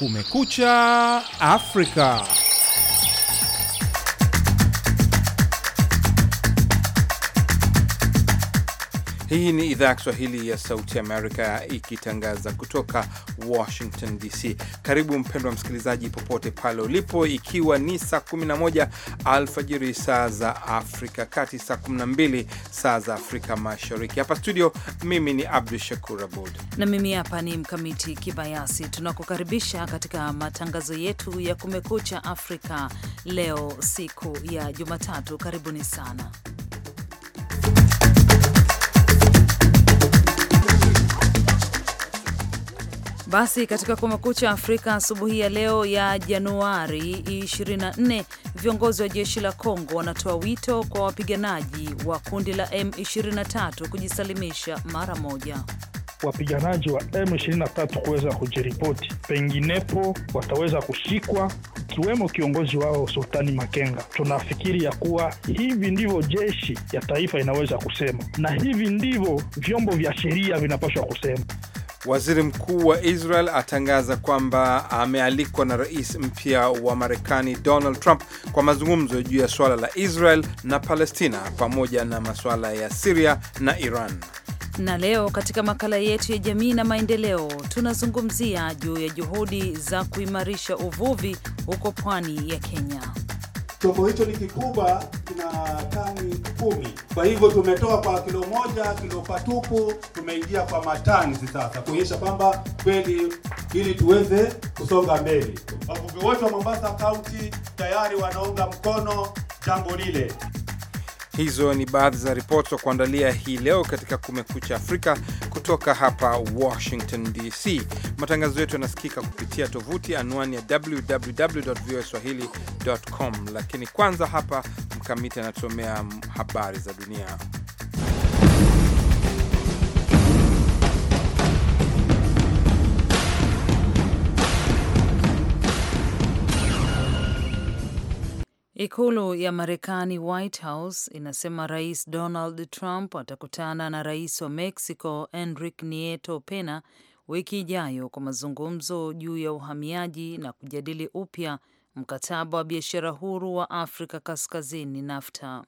Kumekucha Afrika. Hii ni idhaa ya Kiswahili ya Sauti Amerika ikitangaza kutoka Washington DC. Karibu mpendwa msikilizaji, popote pale ulipo, ikiwa ni saa 11 alfajiri saa za Afrika Kati, saa 12 saa za Afrika Mashariki. Hapa studio, mimi ni Abdu Shakur Abud na mimi hapa ni Mkamiti Kibayasi. Tunakukaribisha katika matangazo yetu ya Kumekucha Afrika leo, siku ya Jumatatu. Karibuni sana Basi katika Kumekucha Afrika asubuhi ya leo ya Januari 24, viongozi wa jeshi la Kongo wanatoa wito kwa wapiganaji wa kundi la M23 kujisalimisha mara moja wapiganaji wa M23 kuweza kujiripoti, penginepo wataweza kushikwa, ikiwemo kiongozi wao Sultani Makenga. Tunafikiri ya kuwa hivi ndivyo jeshi ya taifa inaweza kusema na hivi ndivyo vyombo vya sheria vinapaswa kusema. Waziri mkuu wa Israel atangaza kwamba amealikwa na rais mpya wa Marekani Donald Trump kwa mazungumzo juu ya suala la Israel na Palestina pamoja na masuala ya Siria na Iran. Na leo katika makala yetu ya jamii na maendeleo tunazungumzia juu ya juhudi za kuimarisha uvuvi huko pwani ya Kenya chombo hicho ni kikubwa, kina tani kumi. Kwa hivyo tumetoa kwa kilo moja, kilo patupu, tumeingia kwa matani sasa, kuonyesha kwamba kweli ili tuweze kusonga mbele. Wavuvi wote wa Mombasa County tayari wanaunga mkono jambo lile. Hizo ni baadhi za ripoti za kuandalia hii leo katika Kumekucha Afrika kutoka hapa Washington DC. Matangazo yetu yanasikika kupitia tovuti anwani ya www voa www.voaswahili.com, lakini kwanza hapa Mkamiti anatusomea habari za dunia. Ikulu ya Marekani, White House, inasema Rais Donald Trump atakutana na rais wa Mexico Enrique Nieto Pena wiki ijayo kwa mazungumzo juu ya uhamiaji na kujadili upya mkataba wa biashara huru wa Afrika Kaskazini, NAFTA.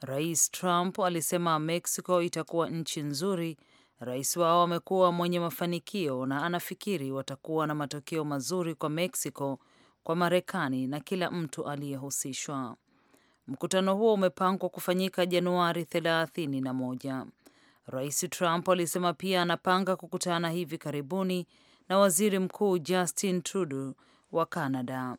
Rais Trump alisema Mexico itakuwa nchi nzuri. Rais wao amekuwa mwenye mafanikio na anafikiri watakuwa na matokeo mazuri kwa Mexico kwa Marekani na kila mtu aliyehusishwa. Mkutano huo umepangwa kufanyika Januari 31. Rais Trump alisema pia anapanga kukutana hivi karibuni na waziri mkuu Justin Trudeau wa Canada.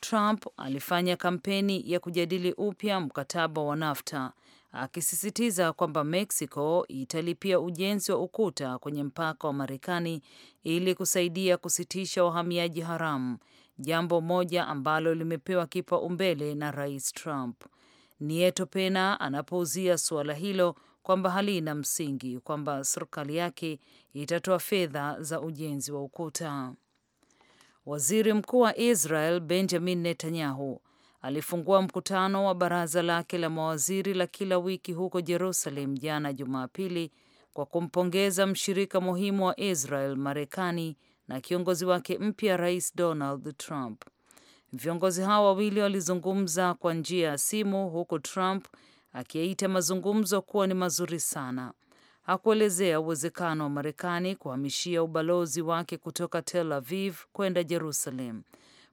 Trump alifanya kampeni ya kujadili upya mkataba wa NAFTA akisisitiza kwamba Mexico italipia ujenzi wa ukuta kwenye mpaka wa Marekani ili kusaidia kusitisha wahamiaji haramu jambo moja ambalo limepewa kipaumbele na Rais Trump. Nieto Pena anapouzia suala hilo kwamba halina msingi, kwamba serikali yake itatoa fedha za ujenzi wa ukuta. Waziri Mkuu wa Israel Benjamin Netanyahu alifungua mkutano wa baraza lake la mawaziri la kila wiki huko Jerusalem jana Jumapili kwa kumpongeza mshirika muhimu wa Israel Marekani na kiongozi wake mpya Rais Donald Trump. Viongozi hao wawili walizungumza kwa njia ya simu, huku Trump akiyaita mazungumzo kuwa ni mazuri sana. Hakuelezea uwezekano wa Marekani kuhamishia ubalozi wake kutoka Tel Aviv kwenda Jerusalem.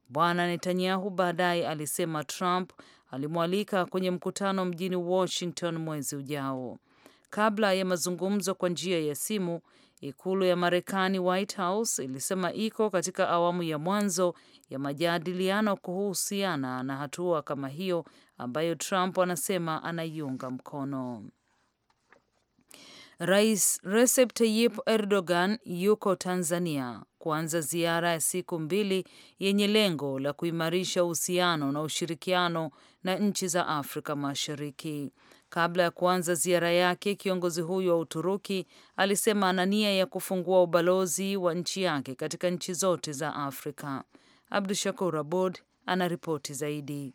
Bwana Netanyahu baadaye alisema Trump alimwalika kwenye mkutano mjini Washington mwezi ujao. Kabla ya mazungumzo kwa njia ya simu, Ikulu ya Marekani, White House, ilisema iko katika awamu ya mwanzo ya majadiliano kuhusiana na hatua kama hiyo ambayo Trump anasema anaiunga mkono. Rais Recep Tayyip Erdogan yuko Tanzania kuanza ziara ya siku mbili yenye lengo la kuimarisha uhusiano na ushirikiano na nchi za Afrika Mashariki. Kabla ya kuanza ziara yake, kiongozi huyo wa Uturuki alisema ana nia ya kufungua ubalozi wa nchi yake katika nchi zote za Afrika. Abdu Shakur Abud ana ripoti zaidi.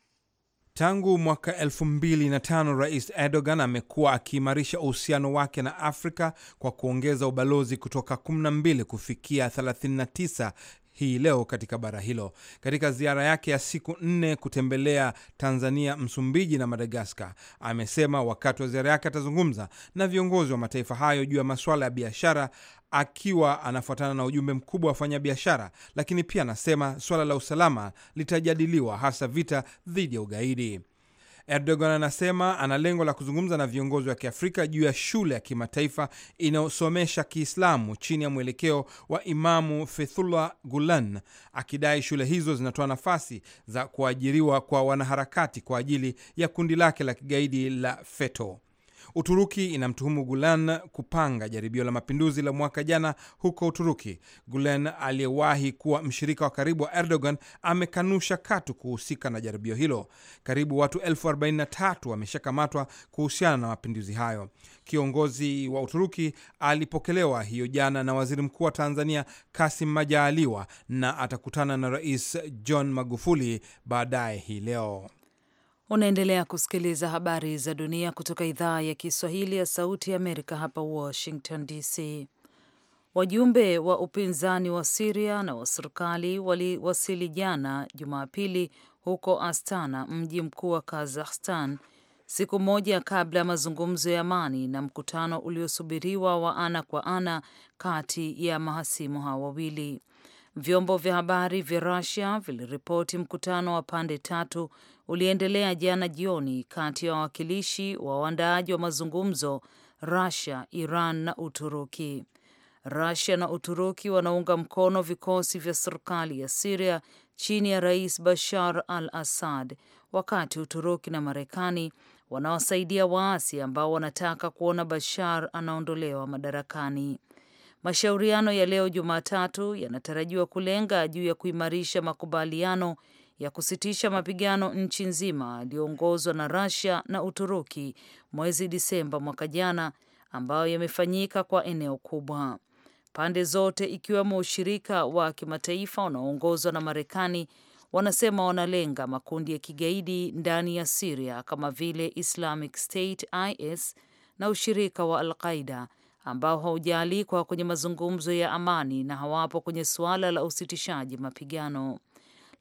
Tangu mwaka 2005 Rais Erdogan amekuwa akiimarisha uhusiano wake na Afrika kwa kuongeza ubalozi kutoka 12 kufikia 39 hii leo katika bara hilo. Katika ziara yake ya siku nne kutembelea Tanzania, Msumbiji na Madagaskar, amesema wakati wa ziara yake atazungumza na viongozi wa mataifa hayo juu ya masuala ya biashara, akiwa anafuatana na ujumbe mkubwa wa wafanyabiashara, lakini pia anasema suala la usalama litajadiliwa, hasa vita dhidi ya ugaidi. Erdogan anasema ana lengo la kuzungumza na viongozi wa Kiafrika juu ya shule ya kimataifa inayosomesha Kiislamu chini ya mwelekeo wa Imamu Fethullah Gulen, akidai shule hizo zinatoa nafasi za kuajiriwa kwa wanaharakati kwa ajili ya kundi lake la kigaidi la feto Uturuki inamtuhumu Gulen kupanga jaribio la mapinduzi la mwaka jana huko Uturuki. Gulen aliyewahi kuwa mshirika wa karibu wa Erdogan amekanusha katu kuhusika na jaribio hilo. Karibu watu elfu arobaini na tatu wameshakamatwa kuhusiana na mapinduzi hayo. Kiongozi wa Uturuki alipokelewa hiyo jana na waziri mkuu wa Tanzania Kasim Majaliwa na atakutana na Rais John Magufuli baadaye hii leo. Unaendelea kusikiliza habari za dunia kutoka idhaa ya Kiswahili ya Sauti ya Amerika hapa Washington DC. Wajumbe wa upinzani wa Siria na wa serikali waliwasili jana Jumapili huko Astana, mji mkuu wa Kazakhstan, siku moja kabla ya mazungumzo ya amani na mkutano uliosubiriwa wa ana kwa ana kati ya mahasimu hao wawili. Vyombo vya habari vya Rusia viliripoti mkutano wa pande tatu uliendelea jana jioni kati ya wawakilishi wa waandaaji wa mazungumzo Rusia, Iran na Uturuki. Rusia na Uturuki wanaunga mkono vikosi vya serikali ya Siria chini ya Rais Bashar al Assad, wakati Uturuki na Marekani wanawasaidia waasi ambao wanataka kuona Bashar anaondolewa madarakani. Mashauriano ya leo Jumatatu yanatarajiwa kulenga juu ya kuimarisha makubaliano ya kusitisha mapigano nchi nzima yaliyoongozwa na Russia na Uturuki mwezi Disemba mwaka jana, ambayo yamefanyika kwa eneo kubwa. Pande zote ikiwemo ushirika wa kimataifa unaoongozwa na Marekani wanasema wanalenga makundi ya kigaidi ndani ya Siria kama vile Islamic State IS na ushirika wa Al Qaida ambao haujaalikwa kwenye mazungumzo ya amani na hawapo kwenye suala la usitishaji mapigano.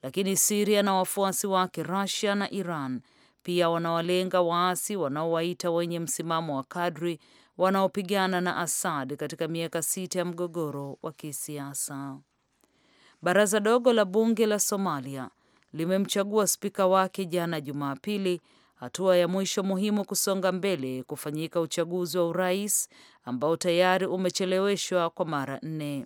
Lakini Siria na wafuasi wake Rusia na Iran pia wanawalenga waasi wanaowaita wenye msimamo wa kadri wanaopigana na Assad katika miaka sita ya mgogoro wa kisiasa. Baraza dogo la bunge la Somalia limemchagua spika wake jana Jumapili hatua ya mwisho muhimu kusonga mbele kufanyika uchaguzi wa urais ambao tayari umecheleweshwa kwa mara nne.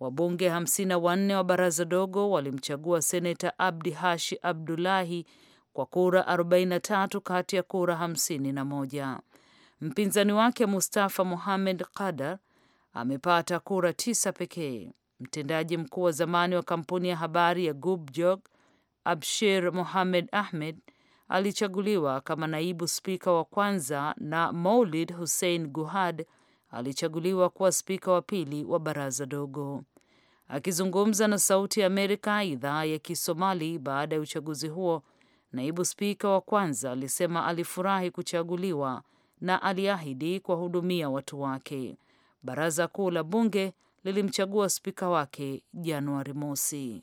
Wabunge hamsini na wanne wa baraza dogo walimchagua seneta Abdi Hashi Abdulahi kwa kura 43 kati ya kura 51. Mpinzani wake Mustafa muhamed qadar amepata kura tisa pekee. Mtendaji mkuu wa zamani wa kampuni ya habari ya Gubjog Abshir Mohamed Ahmed alichaguliwa kama naibu spika wa kwanza na Maulid Hussein Guhad alichaguliwa kuwa spika wa pili wa baraza dogo. Akizungumza na Sauti ya Amerika idhaa ya Kisomali baada ya uchaguzi huo, naibu spika wa kwanza alisema alifurahi kuchaguliwa na aliahidi kuwahudumia watu wake. Baraza kuu la bunge lilimchagua spika wake Januari mosi.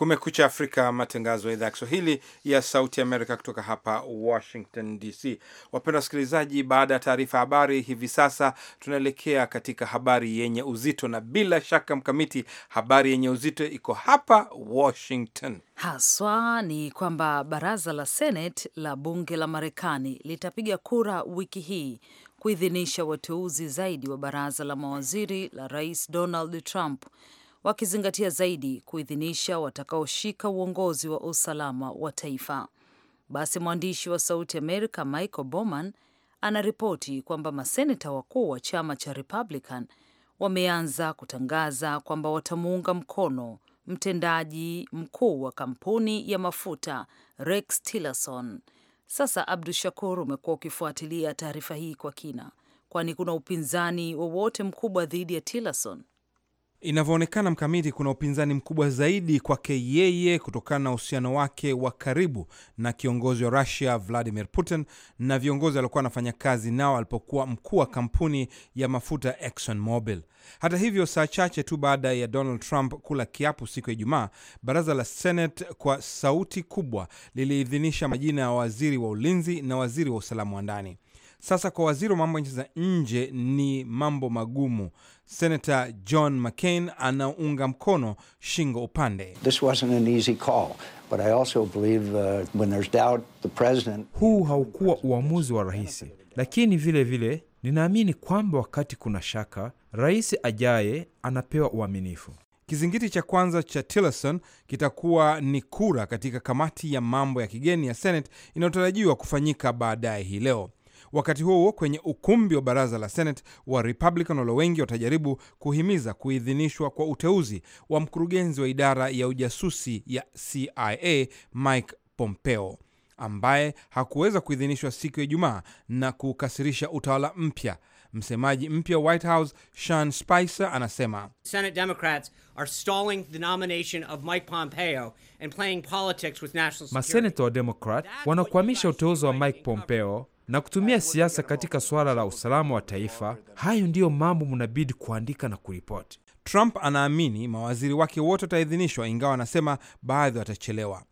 Kumekucha Afrika, matangazo ya idhaa ya Kiswahili ya Sauti Amerika kutoka hapa Washington DC. Wapenda wasikilizaji, baada ya taarifa habari, hivi sasa tunaelekea katika habari yenye uzito, na bila shaka Mkamiti, habari yenye uzito iko hapa Washington haswa ni kwamba baraza la Senate la bunge la Marekani litapiga kura wiki hii kuidhinisha wateuzi zaidi wa baraza la mawaziri la Rais Donald Trump wakizingatia zaidi kuidhinisha watakaoshika uongozi wa usalama wa taifa. Basi mwandishi wa Sauti Amerika Michael Bowman anaripoti kwamba maseneta wakuu wa chama cha Republican wameanza kutangaza kwamba watamuunga mkono mtendaji mkuu wa kampuni ya mafuta Rex Tillerson. Sasa Abdu Shakur, umekuwa ukifuatilia taarifa hii kwa kina, kwani kuna upinzani wowote mkubwa dhidi ya Tillerson? Inavyoonekana Mkamiti, kuna upinzani mkubwa zaidi kwake yeye kutokana na uhusiano wake wa karibu na kiongozi wa Russia Vladimir Putin na viongozi aliokuwa anafanya kazi nao alipokuwa mkuu wa kampuni ya mafuta Exxon Mobil. Hata hivyo, saa chache tu baada ya Donald Trump kula kiapo siku ya Ijumaa, baraza la Senate kwa sauti kubwa liliidhinisha majina ya waziri wa ulinzi na waziri wa usalama wa ndani. Sasa kwa waziri wa mambo ya nchi za nje ni mambo magumu. senata John McCain anaunga mkono shingo upande. This wasn't an easy call. But I also believe, uh, when there's doubt, the president... huu haukuwa uamuzi wa rahisi, lakini vile vile ninaamini kwamba wakati kuna shaka, rais ajaye anapewa uaminifu. Kizingiti cha kwanza cha Tillerson kitakuwa ni kura katika kamati ya mambo ya kigeni ya Senate inayotarajiwa kufanyika baadaye hii leo. Wakati huo huo, kwenye ukumbi wa baraza la Senate wa Republican walo wengi watajaribu kuhimiza kuidhinishwa kwa uteuzi wa mkurugenzi wa idara ya ujasusi ya CIA Mike Pompeo ambaye hakuweza kuidhinishwa siku ya Ijumaa na kukasirisha utawala mpya. Msemaji mpya wa White House Sean Spicer anasema Senate Democrats are stalling the nomination of Mike Pompeo and playing politics with national security. Maseneta wa Demokrat wanakwamisha uteuzi wa Mike Pompeo na kutumia siasa katika suala la usalama wa taifa. Hayo ndiyo mambo mnabidi kuandika na kuripoti. Trump anaamini mawaziri wake wote wataidhinishwa, ingawa anasema baadhi watachelewa.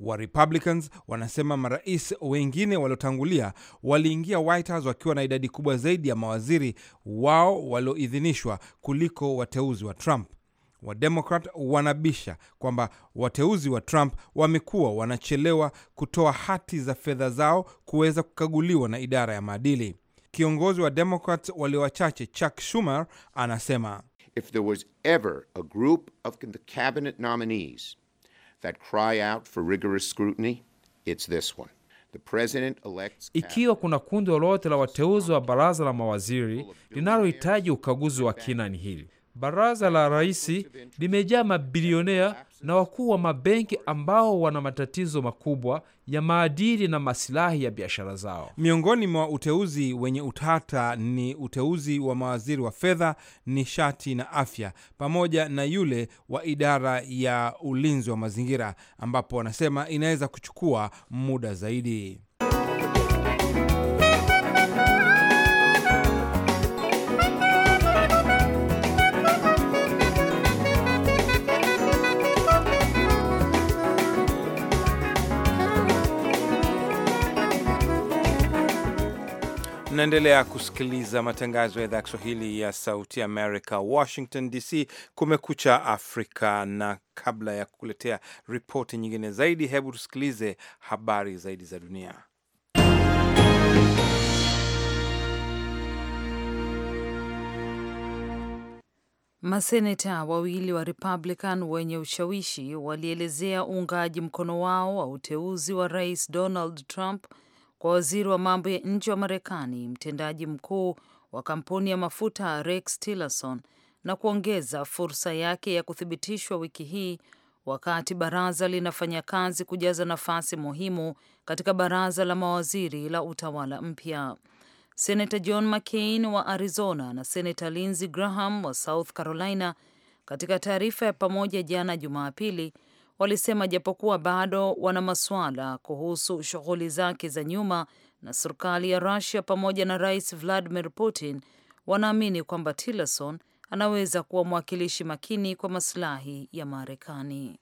Wa Republicans wanasema marais wengine waliotangulia waliingia White House wakiwa na idadi kubwa zaidi ya mawaziri wao walioidhinishwa kuliko wateuzi wa Trump. Wademokrat wanabisha kwamba wateuzi wa Trump wamekuwa wanachelewa kutoa hati za fedha zao kuweza kukaguliwa na idara ya maadili. Kiongozi wa Demokrat walio wachache Chuck Schumer anasema If there was ever a group of the cabinet nominees that cry out for rigorous scrutiny, it's this one. Elects... Ikiwa kuna kundi lolote la wateuzi wa baraza la mawaziri linalohitaji ukaguzi wa kina ni hili. Baraza la raisi limejaa mabilionea na wakuu wa mabenki ambao wana matatizo makubwa ya maadili na masilahi ya biashara zao. Miongoni mwa uteuzi wenye utata ni uteuzi wa mawaziri wa fedha, nishati na afya, pamoja na yule wa idara ya ulinzi wa mazingira, ambapo wanasema inaweza kuchukua muda zaidi. Tunaendelea kusikiliza matangazo ya idhaa ya Kiswahili ya Sauti Amerika, Washington DC. Kumekucha Afrika, na kabla ya kukuletea ripoti nyingine zaidi, hebu tusikilize habari zaidi za dunia. Maseneta wawili wa Republican wenye ushawishi walielezea uungaji mkono wao wa uteuzi wa Rais Donald Trump kwa waziri wa mambo ya nje wa Marekani, mtendaji mkuu wa kampuni ya mafuta Rex Tillerson, na kuongeza fursa yake ya kuthibitishwa wiki hii wakati baraza linafanya kazi kujaza nafasi muhimu katika baraza la mawaziri la utawala mpya. Senata John McCain wa Arizona na Senata Lindsey Graham wa South Carolina, katika taarifa ya pamoja jana Jumapili, walisema japokuwa bado wana masuala kuhusu shughuli zake za nyuma na serikali ya Rusia pamoja na Rais Vladimir Putin, wanaamini kwamba Tillerson anaweza kuwa mwakilishi makini kwa masilahi ya Marekani.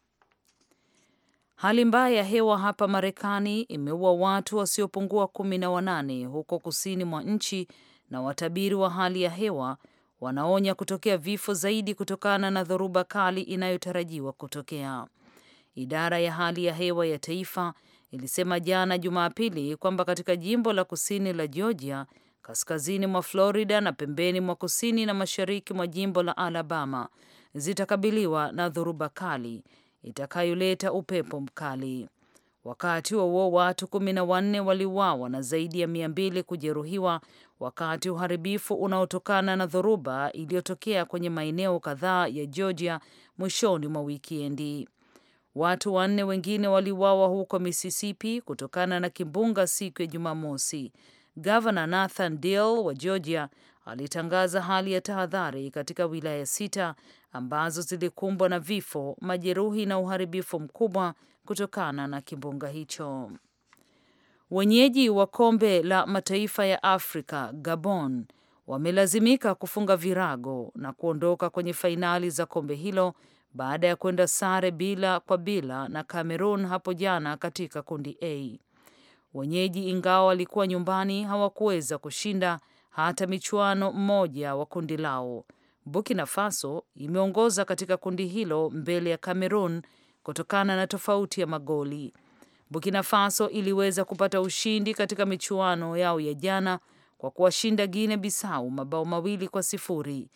Hali mbaya ya hewa hapa Marekani imeua watu wasiopungua kumi na wanane huko kusini mwa nchi, na watabiri wa hali ya hewa wanaonya kutokea vifo zaidi kutokana na dhoruba kali inayotarajiwa kutokea. Idara ya hali ya hewa ya taifa ilisema jana Jumapili kwamba katika jimbo la kusini la Georgia, kaskazini mwa Florida na pembeni mwa kusini na mashariki mwa jimbo la Alabama zitakabiliwa na dhoruba kali itakayoleta upepo mkali. Wakati huo watu kumi na wanne waliuawa na zaidi ya mia mbili kujeruhiwa wakati uharibifu unaotokana na dhoruba iliyotokea kwenye maeneo kadhaa ya Georgia mwishoni mwa wikendi. Watu wanne wengine waliuawa huko Mississippi kutokana na kimbunga siku ya Jumamosi. Gavana Nathan Deal wa Georgia alitangaza hali ya tahadhari katika wilaya sita ambazo zilikumbwa na vifo, majeruhi na uharibifu mkubwa kutokana na kimbunga hicho. Wenyeji wa kombe la mataifa ya Afrika Gabon wamelazimika kufunga virago na kuondoka kwenye fainali za kombe hilo baada ya kwenda sare bila kwa bila na Cameroon hapo jana katika kundi A. Wenyeji ingawa walikuwa nyumbani hawakuweza kushinda hata michuano mmoja wa kundi lao. Burkina Faso imeongoza katika kundi hilo mbele ya Cameroon kutokana na tofauti ya magoli. Burkina Faso iliweza kupata ushindi katika michuano yao ya jana kwa kuwashinda Guinea Bissau mabao mawili kwa sifuri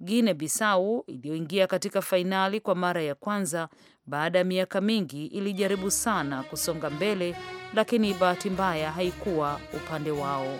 guine bisau iliyoingia katika fainali kwa mara ya kwanza baada ya miaka mingi, ilijaribu sana kusonga mbele, lakini bahati mbaya haikuwa upande wao.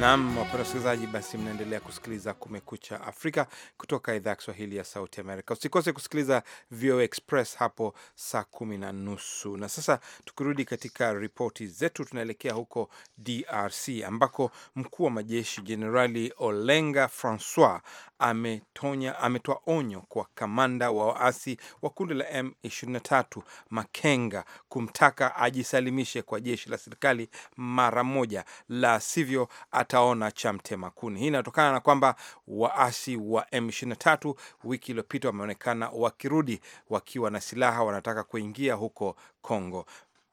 Nam Wapenda wasikilizaji, basi mnaendelea kusikiliza Kumekucha Afrika kutoka idhaa ya Kiswahili ya Sauti Amerika. Usikose kusikiliza VOA Express hapo saa kumi na nusu. Na sasa tukirudi katika ripoti zetu, tunaelekea huko DRC ambako mkuu wa majeshi Jenerali Olenga Francois ametonya ametoa onyo kwa kamanda wa waasi wa kundi la M23 Makenga kumtaka ajisalimishe kwa jeshi la serikali mara moja, la sivyo ataona cha mtemakuni. Hii inatokana na kwamba waasi wa M23 wiki iliyopita wameonekana wakirudi wakiwa na silaha, wanataka kuingia huko Kongo.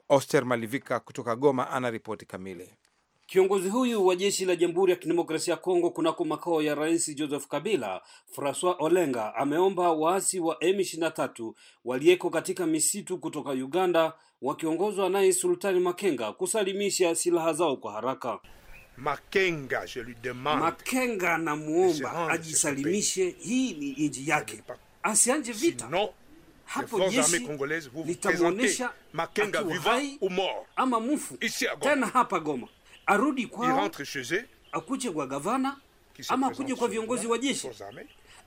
Oster Malivika kutoka Goma ana ripoti kamili. Kiongozi huyu wa jeshi la Jamhuri ya Kidemokrasia ya Kongo kunako makao ya Rais Joseph Kabila, Francois Olenga ameomba waasi wa M23 waliyeko katika misitu kutoka Uganda wakiongozwa naye Sultani Makenga kusalimisha silaha zao kwa haraka. Makenga, je lui demande. Makenga namuomba ajisalimishe, hii ni nji yake, asianje vita Sinon, hapo jeshi litamwonyesha Makenga ama mufu tena hapa Goma, arudi kwao, akuche kwa gavana ama akuje kwa viongozi wa jeshi.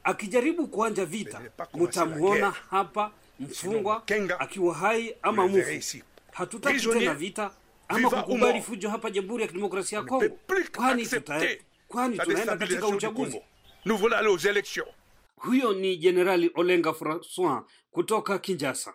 Akijaribu kuanja vita, mutamuona hapa mfungwa akiwa hai ama mufu Hatutaki tena vita ama kukubali fujo hapa Jamhuri ya Kidemokrasia ya Kongo, kwani kwani tunaenda katika uchaguzi. Nous voilà aux élections. Huyo ni Jenerali Olenga Francois kutoka Kinjasa.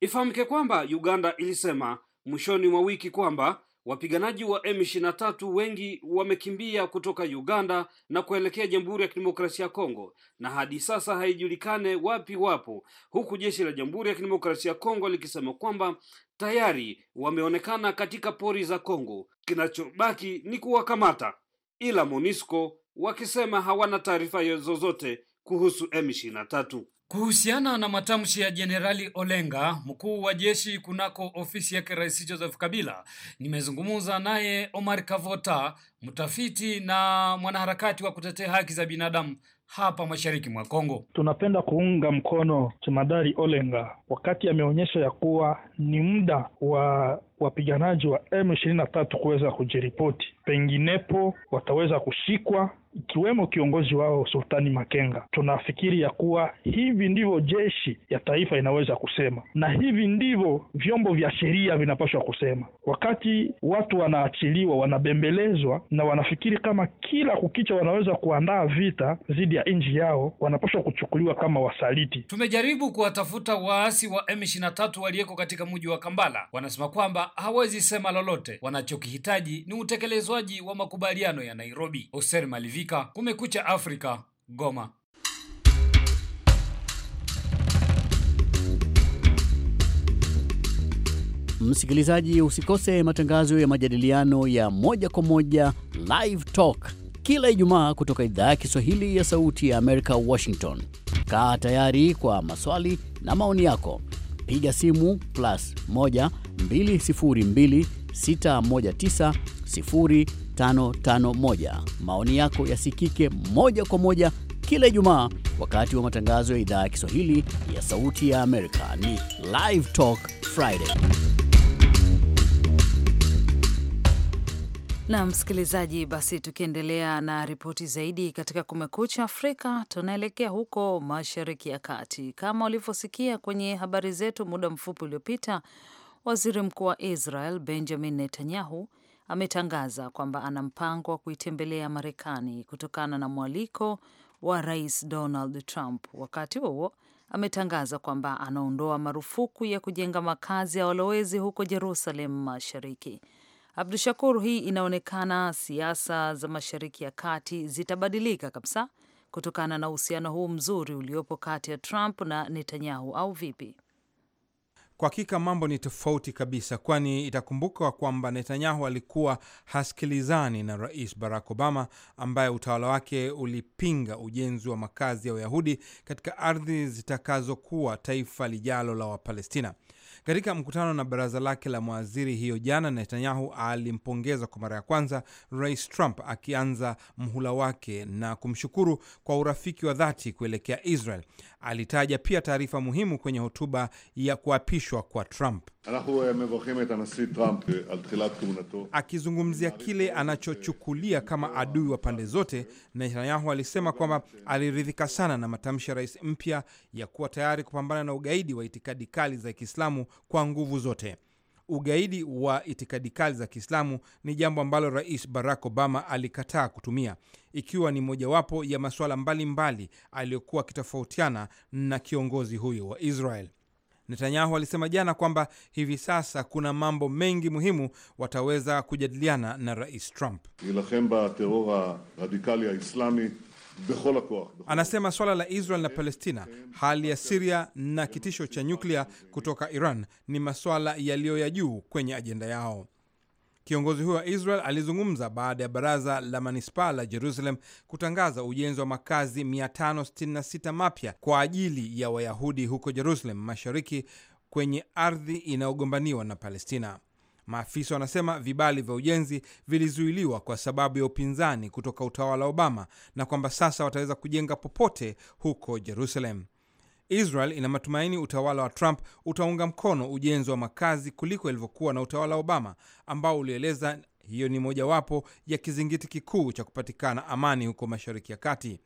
Ifahamike kwamba Uganda ilisema mwishoni mwa wiki kwamba Wapiganaji wa M23 wengi wamekimbia kutoka Uganda na kuelekea Jamhuri ya Kidemokrasia ya Kongo na hadi sasa haijulikane wapi wapo, huku jeshi la Jamhuri ya Kidemokrasia ya Kongo likisema kwamba tayari wameonekana katika pori za Kongo, kinachobaki ni kuwakamata, ila MONUSCO wakisema hawana taarifa zozote kuhusu M23. Kuhusiana na matamshi ya Jenerali Olenga, mkuu wa jeshi kunako ofisi yake Rais Joseph Kabila, nimezungumza naye Omar Kavota, mtafiti na mwanaharakati wa kutetea haki za binadamu hapa mashariki mwa Kongo. Tunapenda kuunga mkono Jemadari Olenga wakati ameonyesha ya, ya kuwa ni muda wa wapiganaji wa M23 kuweza kujiripoti, penginepo wataweza kushikwa ikiwemo kiongozi wao Sultani Makenga. Tunafikiri ya kuwa hivi ndivyo jeshi ya taifa inaweza kusema na hivi ndivyo vyombo vya sheria vinapaswa kusema. Wakati watu wanaachiliwa, wanabembelezwa na wanafikiri kama kila kukicha wanaweza kuandaa vita dhidi ya nchi yao, wanapaswa kuchukuliwa kama wasaliti. Tumejaribu kuwatafuta waasi wa M23 waliyeko katika mji wa Kambala, wanasema kwamba hawezi sema lolote. Wanachokihitaji ni utekelezwaji wa makubaliano ya Nairobi. Oser Malivika, Kumekucha Afrika, Goma. Msikilizaji, usikose matangazo ya majadiliano ya moja kwa moja Live Talk kila Ijumaa kutoka idhaa ya Kiswahili ya Sauti ya Amerika, Washington. Kaa tayari kwa maswali na maoni yako, piga simu plus 1 2026190551. Maoni yako yasikike moja kwa moja kila Ijumaa wakati wa matangazo ya idhaa ya Kiswahili ya Sauti ya Amerika. Ni Live Talk Friday. Na msikilizaji, basi tukiendelea na ripoti zaidi katika Kumekucha Afrika, tunaelekea huko Mashariki ya Kati. Kama ulivyosikia kwenye habari zetu muda mfupi uliopita, Waziri mkuu wa Israel Benjamin Netanyahu ametangaza kwamba ana mpango wa kuitembelea Marekani kutokana na mwaliko wa Rais Donald Trump. Wakati huo ametangaza kwamba anaondoa marufuku ya kujenga makazi ya walowezi huko Jerusalem Mashariki. Abdu Shakur, hii inaonekana siasa za Mashariki ya Kati zitabadilika kabisa kutokana na uhusiano huu mzuri uliopo kati ya Trump na Netanyahu au vipi? Kwa hakika mambo ni tofauti kabisa, kwani itakumbuka kwamba Netanyahu alikuwa hasikilizani na Rais Barack Obama ambaye utawala wake ulipinga ujenzi wa makazi ya Wayahudi katika ardhi zitakazokuwa taifa lijalo la Wapalestina. Katika mkutano na baraza lake la mawaziri hiyo jana, Netanyahu alimpongeza kwa mara ya kwanza Rais Trump akianza mhula wake na kumshukuru kwa urafiki wa dhati kuelekea Israel. Alitaja pia taarifa muhimu kwenye hotuba ya kuapishwa kwa Trump. Eh, Akizungumzia kile anachochukulia kama adui wa pande zote, Netanyahu alisema kwamba aliridhika sana na matamshi ya rais mpya ya kuwa tayari kupambana na ugaidi wa itikadi kali za Kiislamu kwa nguvu zote. Ugaidi wa itikadi kali za Kiislamu ni jambo ambalo Rais Barack Obama alikataa kutumia, ikiwa ni mojawapo ya masuala mbalimbali aliyokuwa akitofautiana na kiongozi huyo wa Israel. Netanyahu alisema jana kwamba hivi sasa kuna mambo mengi muhimu wataweza kujadiliana na Rais Trump. Nilahemba terora radikali ya Islami Anasema swala la Israel na Palestina, hali ya Siria na kitisho cha nyuklia kutoka Iran ni maswala yaliyo ya juu kwenye ajenda yao. Kiongozi huyo wa Israel alizungumza baada ya baraza la manispaa la Jerusalem kutangaza ujenzi wa makazi 566 mapya kwa ajili ya Wayahudi huko Jerusalem mashariki kwenye ardhi inayogombaniwa na Palestina. Maafisa wanasema vibali vya ujenzi vilizuiliwa kwa sababu ya upinzani kutoka utawala wa Obama na kwamba sasa wataweza kujenga popote huko Jerusalem. Israel ina matumaini utawala wa Trump utaunga mkono ujenzi wa makazi kuliko ilivyokuwa na utawala wa Obama ambao ulieleza hiyo ni mojawapo ya kizingiti kikuu cha kupatikana amani huko Mashariki ya Kati.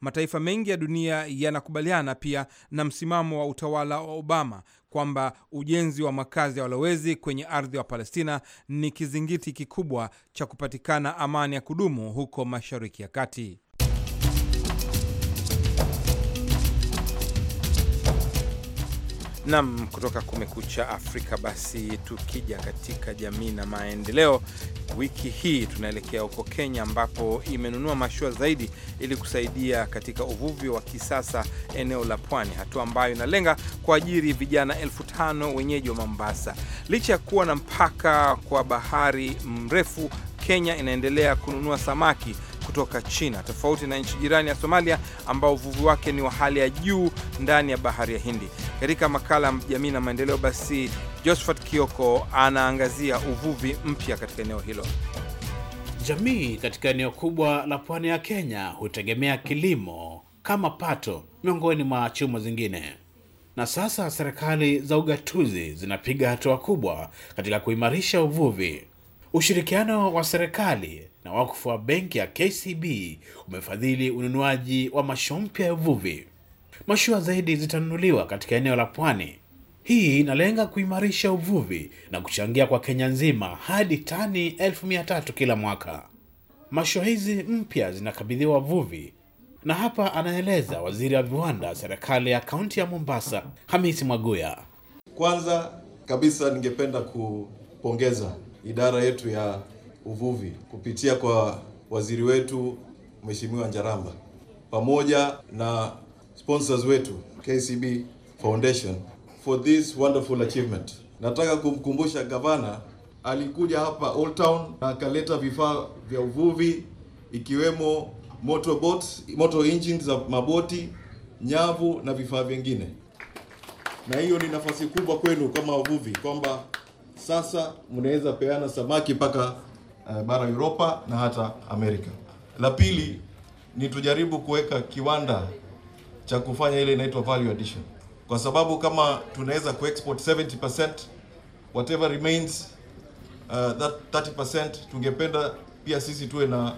Mataifa mengi ya dunia yanakubaliana pia na msimamo wa utawala wa Obama kwamba ujenzi wa makazi ya walowezi kwenye ardhi ya Palestina ni kizingiti kikubwa cha kupatikana amani ya kudumu huko Mashariki ya Kati. Nam kutoka Kumekucha Afrika. Basi tukija katika jamii na maendeleo, wiki hii tunaelekea huko Kenya, ambapo imenunua mashua zaidi ili kusaidia katika uvuvi wa kisasa eneo la pwani, hatua ambayo inalenga kuajiri vijana elfu tano wenyeji wa Mombasa. Licha ya kuwa na mpaka kwa bahari mrefu, Kenya inaendelea kununua samaki kutoka China, tofauti na nchi jirani ya Somalia ambao uvuvi wake ni wa hali ya juu ndani ya bahari ya Hindi. Katika makala jamii na maendeleo, basi Josephat Kioko anaangazia uvuvi mpya katika eneo hilo. Jamii katika eneo kubwa la pwani ya Kenya hutegemea kilimo kama pato miongoni mwa chumo zingine, na sasa serikali za ugatuzi zinapiga hatua kubwa katika kuimarisha uvuvi Ushirikiano wa serikali na wakfu wa benki ya KCB umefadhili ununuaji wa mashua mpya ya uvuvi. Mashua zaidi zitanunuliwa katika eneo la pwani. Hii inalenga kuimarisha uvuvi na kuchangia kwa Kenya nzima hadi tani elfu mia tatu kila mwaka. Mashua hizi mpya zinakabidhiwa wavuvi, na hapa anaeleza waziri wa viwanda serikali ya kaunti ya Mombasa, Hamisi Mwaguya. Kwanza kabisa ningependa kupongeza idara yetu ya uvuvi kupitia kwa waziri wetu Mheshimiwa Njaramba pamoja na sponsors wetu KCB Foundation for this wonderful achievement. Nataka kumkumbusha gavana, alikuja hapa Old Town na akaleta vifaa vya uvuvi ikiwemo motor boats, motor engines za maboti, nyavu na vifaa vingine, na hiyo ni nafasi kubwa kwenu kama wavuvi kwamba sasa mnaweza peana samaki mpaka uh, bara Europa na hata Amerika. La pili ni tujaribu kuweka kiwanda cha kufanya ile inaitwa value addition, kwa sababu kama tunaweza kuexport 70% whatever remains uh, that 30%, tungependa pia sisi tuwe na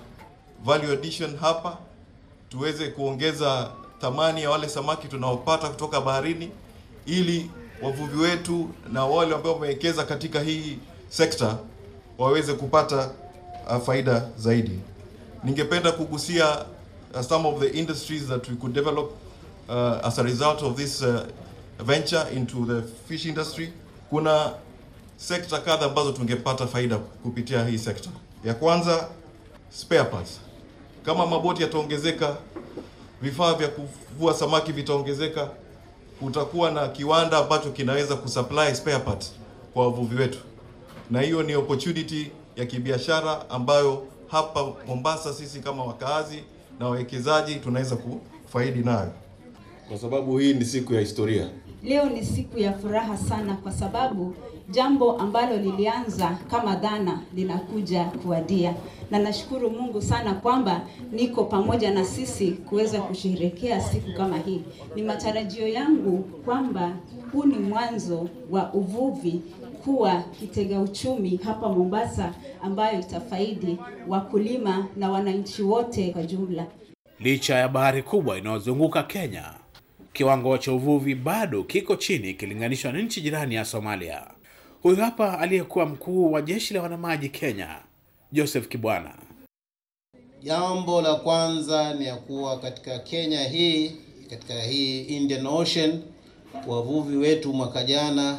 value addition hapa, tuweze kuongeza thamani ya wale samaki tunaopata kutoka baharini ili wavuvi wetu na wale ambao wamewekeza katika hii sekta waweze kupata uh, faida zaidi. Ningependa kugusia uh, some of the industries that we could develop uh, as a result of this uh, venture into the fish industry. Kuna sekta kadha ambazo tungepata faida kupitia hii sekta. Ya kwanza, spare parts. Kama maboti yataongezeka, vifaa vya kuvua samaki vitaongezeka utakuwa na kiwanda ambacho kinaweza kusupply spare part kwa wavuvi wetu, na hiyo ni opportunity ya kibiashara ambayo hapa Mombasa sisi kama wakaazi na wawekezaji tunaweza kufaidi nayo, kwa sababu hii ni siku ya historia. Leo ni siku ya furaha sana kwa sababu jambo ambalo lilianza kama dhana linakuja kuadia na nashukuru Mungu sana kwamba niko pamoja na sisi kuweza kusherehekea siku kama hii. Ni matarajio yangu kwamba huu ni mwanzo wa uvuvi kuwa kitega uchumi hapa Mombasa, ambayo itafaidi wakulima na wananchi wote kwa jumla. Licha ya bahari kubwa inayozunguka Kenya, kiwango cha uvuvi bado kiko chini ikilinganishwa na nchi jirani ya Somalia. Huyu hapa aliyekuwa mkuu wa jeshi la wanamaji Kenya, Joseph Kibwana. Jambo la kwanza ni ya kuwa katika Kenya hii, katika hii Indian Ocean, wavuvi wetu mwaka jana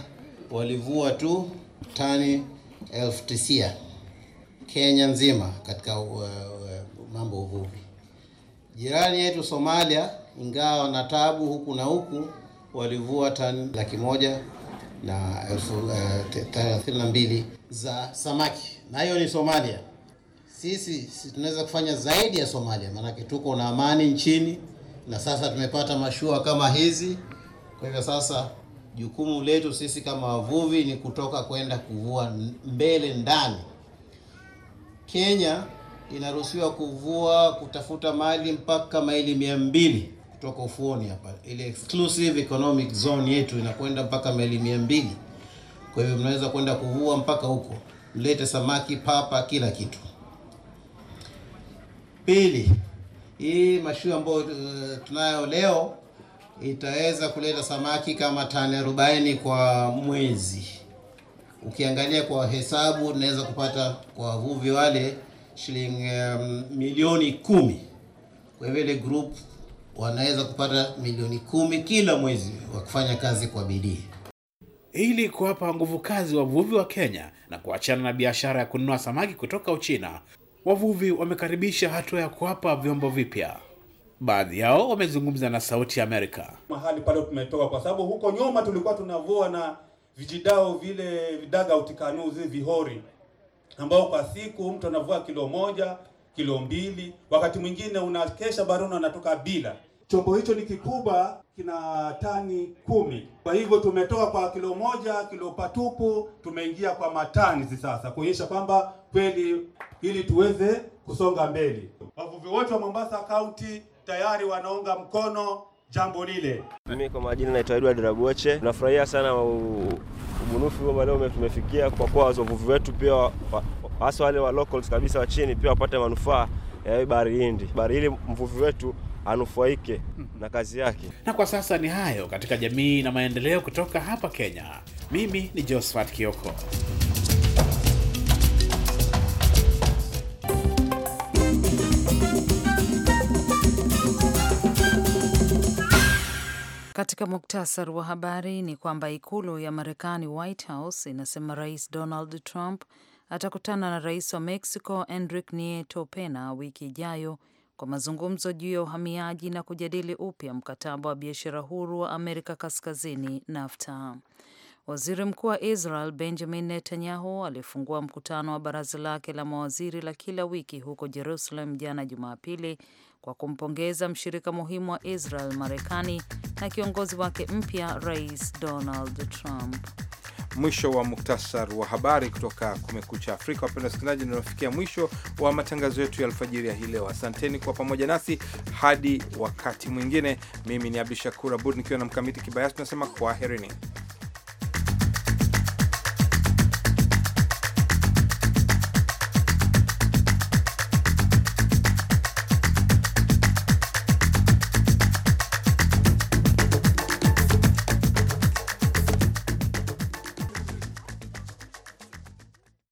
walivua tu tani elfu tisia Kenya nzima katika uh, uh, mambo uvuvi. Jirani yetu Somalia, ingawa na tabu huku na huku, walivua tani laki moja na elfu eh, thelathini na mbili za samaki, na hiyo ni Somalia. Sisi tunaweza kufanya zaidi ya Somalia, maanake tuko na amani nchini na sasa tumepata mashua kama hizi. Kwa hivyo sasa jukumu letu sisi kama wavuvi ni kutoka kwenda kuvua mbele ndani. Kenya inaruhusiwa kuvua kutafuta mali mpaka maili mia mbili kutoka ufuoni hapa, ile exclusive economic zone yetu inakwenda mpaka meli mia mbili. Kwa hivyo mnaweza kwenda kuvua mpaka huko, mlete samaki, papa, kila kitu. Pili, hii mashua ambayo uh, tunayo leo itaweza kuleta samaki kama tani arobaini kwa mwezi. Ukiangalia kwa hesabu, tunaweza kupata kwa wavuvi wale shilingi um, milioni kumi. Kwa vile group wanaweza kupata milioni kumi kila mwezi wakifanya kazi kwa bidii ili kuwapa nguvu kazi wavuvi wa Kenya na kuachana na biashara ya kununua samaki kutoka Uchina. Wavuvi wamekaribisha hatua ya kuwapa vyombo vipya. Baadhi yao wamezungumza na Sauti ya Amerika. Mahali pale tumetoka, kwa sababu huko nyuma tulikuwa tunavua na vijidao vile vidaga utikanuzi vihori, ambao kwa siku mtu anavua kilo moja, kilo mbili, wakati mwingine unakesha baruna anatoka bila Chombo hicho ni kikubwa, kina tani kumi. Kwa hivyo tumetoka kwa kilo moja kilo patupu, tumeingia kwa matani sasa, kuonyesha kwamba kweli ili tuweze kusonga mbele. Wavuvi wote wa Mombasa County tayari wanaunga mkono jambo lile. Mimi kwa majina naitwa Edward Rabuoche. Nafurahia sana ubunifu huo leo tumefikia, kwa kuwa wavuvi wetu pia hasa wale wa locals kabisa wa chini pia wapate manufaa ya bahari Hindi. Bahari hili mvuvi wetu anufaike mhm. na kazi yake. Na kwa sasa ni hayo katika jamii na maendeleo kutoka hapa Kenya. Mimi ni Josephat Kioko. Katika muktasari wa habari ni kwamba ikulu ya Marekani, White House, inasema Rais Donald Trump atakutana na rais wa Mexico Enrique Nieto Pena wiki ijayo kwa mazungumzo juu ya uhamiaji na kujadili upya mkataba wa biashara huru wa Amerika Kaskazini, NAFTA. Waziri Mkuu wa Israel Benjamin Netanyahu alifungua mkutano wa baraza lake la mawaziri la kila wiki huko Jerusalem jana Jumapili kwa kumpongeza mshirika muhimu wa Israel, Marekani, na kiongozi wake mpya Rais Donald Trump mwisho wa muktasar wa habari kutoka Kumekucha Afrika. Wapenda wasikilizaji, inaofikia mwisho wa matangazo yetu ya alfajiri ya hii leo. Asanteni kwa pamoja nasi hadi wakati mwingine. Mimi ni Abdu Shakur Abud nikiwa na Mkamiti Kibayasi, tunasema kwaherini.